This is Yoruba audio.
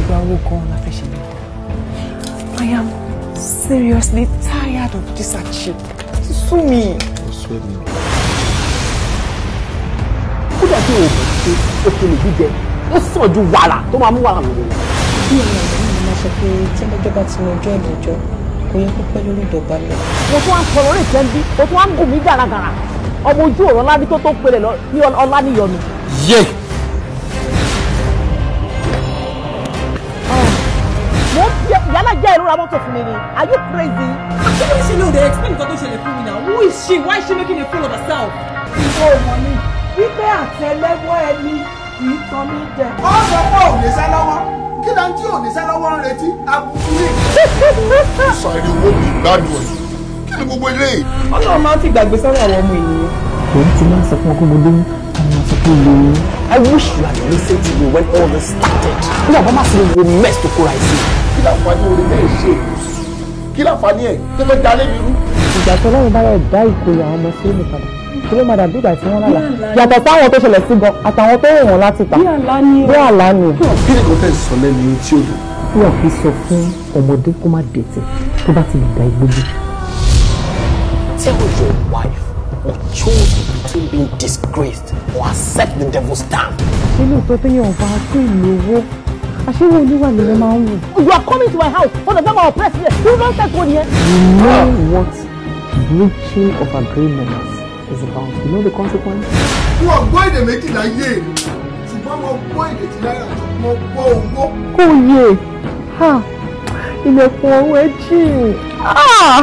ìgbà owó kan la fẹ́ ṣe ní. I am seriously tired of this hardship. Ti sú mi. Ó sú ẹ̀mí. Kódà tí o ṣe òkèlè jíjẹ, ó sàn ju wàrà tó máa mú wàrà lòdì. Bí ọ̀rọ̀ mi ni mo sọ pé tí ẹgbẹ́jọ́ bá ti yanjú ẹ̀ lọ́jọ́, kò yẹ kó pẹ́ lórí ìdọ̀bálẹ̀. Mo tún wá ń sọ̀rọ̀ rẹ̀ tẹ́ bí, mo tún wá ń gùn mí gàràgàrà. Ọmọ ojú ọ̀rọ̀ ńlá ní tó tó pẹ̀lẹ̀ ní ọlá níyọnu. Yéè! ra mọ́tò fún mi ni are you crazy. àṣírí ṣe ló dé explain nǹkan tó ṣẹlẹ̀ fún mi now who is she why is she making a fool of herself. ìwọ ọmọ ni wípé àtẹ́lẹwọ́ ẹni kì í ní jẹ. ọ sọ pé ò sẹ lọ́wọ́ kí ló ń tí ò sẹ lọ́wọ́ ń retí àbùkù ni. sáré owó mi gbádùn ẹ kí ni gbogbo eléyìí. ọlọ́run máa ń fi gbàgbé sọ́rọ̀ àwọn ọmọ ènìyàn. òun ti máa ń sọ fún ọkùnrin lóyún I wish you had listened to me when all this started. Bí àwọn máa ṣe wo mess tó kóra ẹsẹ̀. Kí láǹfààní orí bẹ́ẹ̀ ṣe? Kí láǹfààní ẹ̀ tó fẹ́ dalé mi rú? Ìgbà tó lọ́run bá yẹ dá ìkórè àwọn ọmọ sí ìmùpadà. Kí ló máa dàbí ìgbà tí wọ́n lálàá? Yàtọ̀ sáwọn tó ṣẹlẹ̀ sí gan, àtàwọn tó wọ̀n láti tà. Bí àlá ni o. Bí àlá ni o. Kí ni kò tẹ̀ sọ lẹ́nu tí ó dùn? Bí wọ́n fi sọ fún ọmọdé kó má dètè tó bá ti lè da igbó bí. Tell your wife We chose between being disgraced or accept the devil's stamp. ṣé lóòótọ́ téèyàn bá tó ìlú owó àṣírí olúwa ni wọ́n máa ń wò. You are coming to my house ọ̀dọ̀ fẹ́ máa oppress president, you don take one yẹn. You know what breaching of agreements is about you know the consequence. Mo gbọ́ èdè méjìlá yé e ṣùgbọ́n mo gbọ́ èdè tí láyà mo gbọ́ owó. Kò yẹ ilẹ̀kùn ọwọ́ ẹ jìn. Ah!